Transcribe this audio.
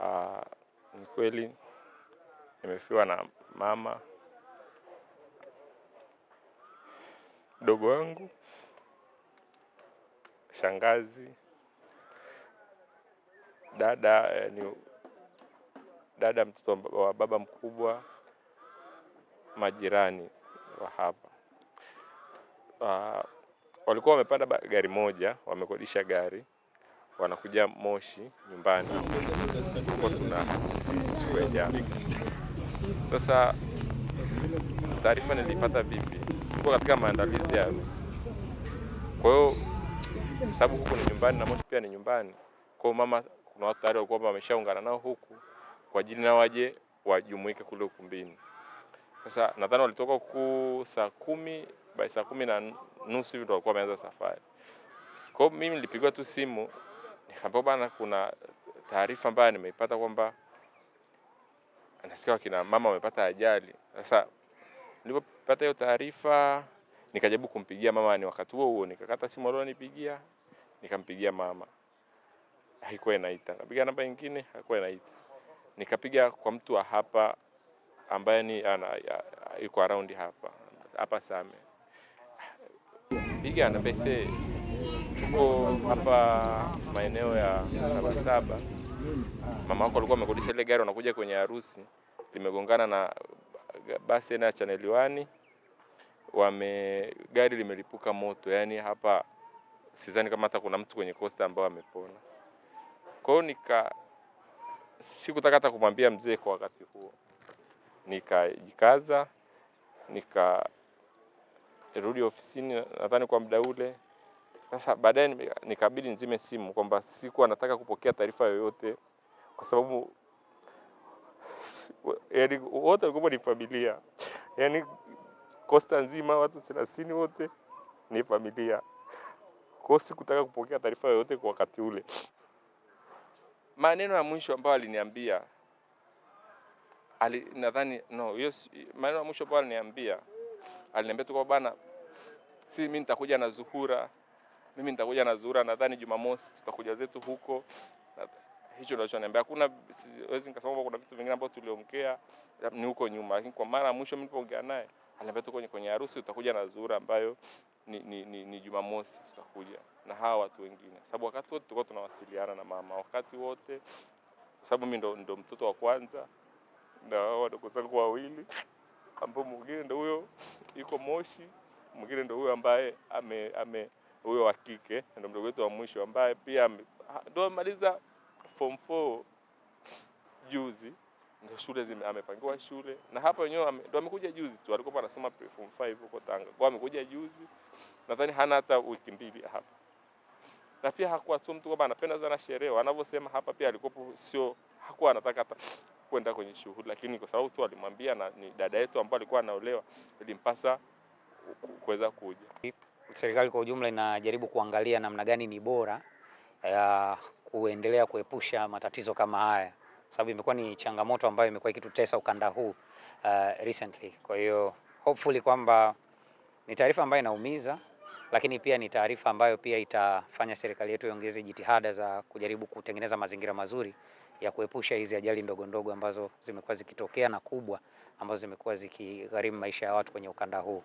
Ah, ni kweli nimefiwa na mama mdogo wangu, shangazi, dada eh, ni dada mtoto wa baba mkubwa, majirani wa hapa uh, walikuwa wamepanda gari moja, wamekodisha gari wanakuja Moshi nyumbani huko, tuna siku Sasa taarifa nilipata vipi? Huko katika maandalizi ya harusi, kwa hiyo sababu huku ni nyumbani na Moshi pia ni nyumbani, kwa hiyo mama, kuna watu tayari walikuwa wameshaungana nao huku kwa ajili na waje wajumuike kule ukumbini. Sasa nadhani walitoka huku saa kumi bai saa kumi na nusu hivi ndo walikuwa wameanza safari. Kwa hiyo mimi nilipigwa tu simu Nikaambiwa bana, kuna taarifa ambayo nimeipata kwamba nasikia wakina mama wamepata ajali. Sasa nilipopata hiyo taarifa nikajaribu kumpigia mama, ni wakati huo huo nikakata simu alionipigia, nikampigia mama, haikuwa inaita. Kapiga namba nyingine, haikuwa inaita. Nikapiga kwa mtu wa hapa ambaye ni ana yuko around hapa hapa Same, piga na pese Tuko hapa maeneo ya Sabasaba, mama wako alikuwa amekodisha ile gari, wanakuja kwenye harusi, limegongana na basi na chaneli Channel One, wame gari limelipuka moto. Yaani hapa sidhani kama hata kuna mtu kwenye Costa ambao amepona. Kwa hiyo nika sikutaka hata kumwambia mzee kwa wakati huo, nikajikaza nikarudi ofisini nadhani kwa muda ule. Sasa baadaye nikabidi nzime simu kwamba sikuwa nataka kupokea taarifa yoyote, kwa sababu yaani wote walikuwa ni familia, yaani kosta nzima watu thelathini wote ni familia, kwa sikutaka kupokea taarifa yoyote kwa wakati ule. Maneno ya mwisho ambayo aliniambia ali, nadhani no, hiyo maneno ya mwisho ambayo aliniambia aliniambia tu kwa bana, si mimi nitakuja na Zuhura mimi nitakuja na zura nadhani Jumamosi tutakuja zetu huko. Hicho ndio choniambia, hakuna siwezi nikasema kuna vitu vingine ambavyo tuliongea ni huko nyuma, lakini kwa mara ya mwisho nilipoongea naye aliniambia tu kwenye, kwenye harusi utakuja na zura ambayo ni, ni, ni, ni Jumamosi tutakuja na hawa watu wengine, sababu wakati wote tulikuwa tunawasiliana na mama wakati wote, sababu mimi ndo, ndo mtoto wa kwanza na wadogo zangu wawili ambao mwingine ndo huyo iko Moshi, mwingine ndo huyo ambaye ame, ame huyo wa kike ndo mdogo wetu wa mwisho ambaye pia ndo amemaliza form 4 juzi, ndo shule zime, amepangiwa shule na hapa wenyewe ndo amekuja juzi tu, alikuwa anasoma form 5 huko Tanga, kwa amekuja juzi, nadhani hana hata wiki mbili hapa. Na pia hakuwa tu mtu kwamba anapenda sana sherehe, wanavyosema hapa pia alikuwa sio, hakuwa anataka hata kwenda kwenye shughuli, lakini kwa sababu tu alimwambia na ni dada yetu ambaye alikuwa anaolewa, ilimpasa kuweza kuja serikali kwa ujumla inajaribu kuangalia namna gani ni bora ya kuendelea kuepusha matatizo kama haya, sababu imekuwa ni changamoto ambayo imekuwa ikitutesa ukanda huu uh, recently. Kwa hiyo hopefully kwamba ni taarifa ambayo inaumiza, lakini pia ni taarifa ambayo pia itafanya serikali yetu iongeze jitihada za kujaribu kutengeneza mazingira mazuri ya kuepusha hizi ajali ndogo ndogo ambazo zimekuwa zikitokea na kubwa ambazo zimekuwa zikigharimu maisha ya watu kwenye ukanda huu.